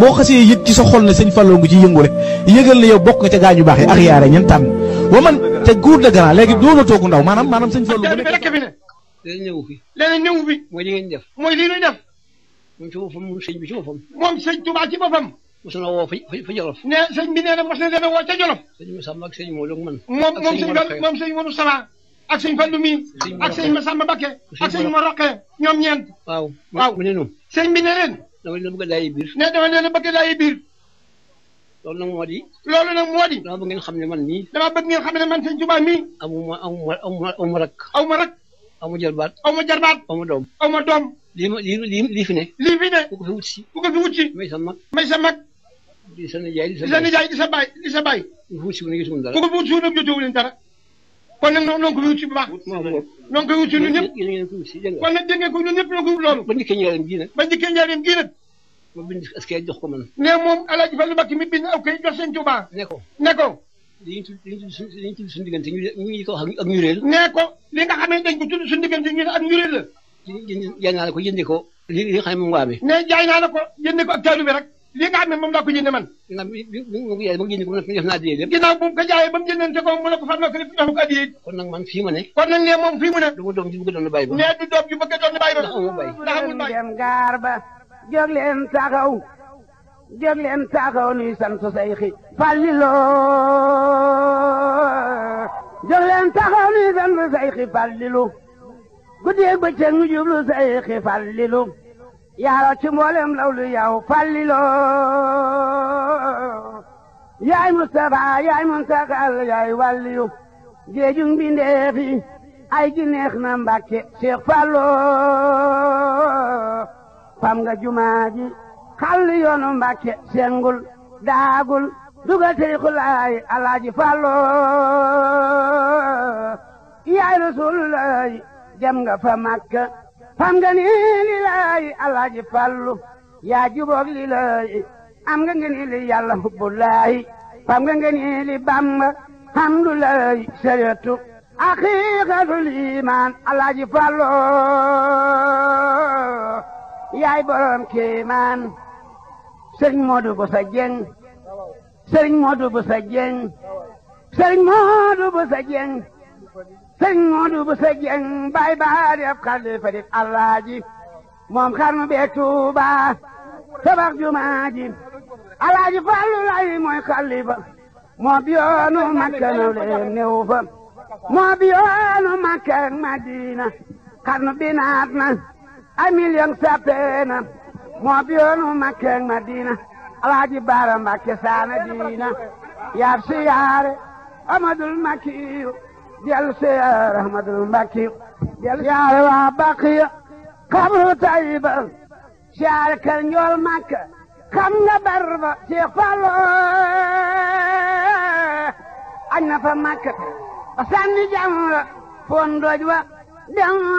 boo xasee yëg ci sa ne sëñ Fallou ngi ci yëngu yëgal ne yow bokk nga ca gaañu baax yi ak yaare ñan tànn wa man te guur de grand léegi doonatoo ku ndaw maanaam maanaam sëñ Fallou bu nekk fi bi ci boppam moom sëñ Tuubaa ci boppam mos fa fa Jolof ne sëñ bi a ne leen dama leen bëgg a laaj biir. mais dama leen bëgg a laaj biir. loolu nag moo di. loolu nag moo di. dama bëgg ngeen xam ne man mii. dama bëgg ngeen xam ne man sëñ Tuubaa mii. amu ma amu ma amu ma amu ma rakk. amu ma rakk. aw ma jarbaat. aw ma jarbaat. aw ma doom. aw ma doom. lii ma lii lii fi ne. lii fi ne. ku ko fi wut si. ku ko fi wut si. may sa mag. may sa mag. di sa nijaay di sa baay di sa baay di sa baay. ku ko fi wut si wu ñu gisul dara. ku ko fi wut si wu ñu gisul leen dara. kon nag noonu ko fi wut si bu baax. noonu ko wut si ñun ñëpp. kon nag dégg ngeen ko ñun ñëpp ñoo ko wut loolu. ba njëkkee njaareem gii nag. ba njëkkee njaareem gii nag. ma bind est-ce que ko man. mais moom El Hadj Fallou Mbacké mi bind aw ko ne ko. li ñu tudd li nga xam ne ko tudd li li nga xam ne moom waa bi. ne jaay naa ko jëndee ko ak taalu ba mu jëndee ko def naa ko jaayee nee moom fii mu du ma doom ju bëgg a doon bàyyi a ba. jóg leen taxaw jóg nuy sant Seyxi Fàllilu jóg leen taxaw nuy sant Seyxi Fàllilu guddeeg bëccëg ñu jublu Seyxi Fàllilu yaaro ci mboolem lawlu yow Fàllilu yaay Mustafa yaay Muntaxal yaay wàlliyu géejug mbindeef yi ay gi neex na Mbàkke Cheikh fam nga jumaa ji xàll yoonu mbàkke sengul daagul dugal tariku laay alaaji fàllo yaay rasululaay dem nga fa màkka fam nga ni li laay alaaji yaa juboog li am nga nga ni li yàlla hubbulaay fam nga nga ni li bàmba hamdulaay saretu aqiqatul iman alaaji fàllo yaay borom kéemaan sëriñ Modou Boussa Dieng sëriñ Modou Boussa Dieng sëriñ Modou bay baa def xalifa def alaaji moom xarnu bee Tuuba tabax jumaa ji alaaji lay mooy xalifa moo bi yoonu Makka naw leen néew moo bi yoonu Makka ak Madina xarnu bi naat na ay million sappeena moo bi yoonu Makka Madina alaaji Baara Mbàkke saana diina yaab siyaare Amadul Makkiyu del siyaare Amadul Makkiyu del siyaare waa Baqiya xabru Tayba siyaare kër njool Makka xam nga barba Seex Fallu añ na fa Makka ba sànni jamra foon wa dem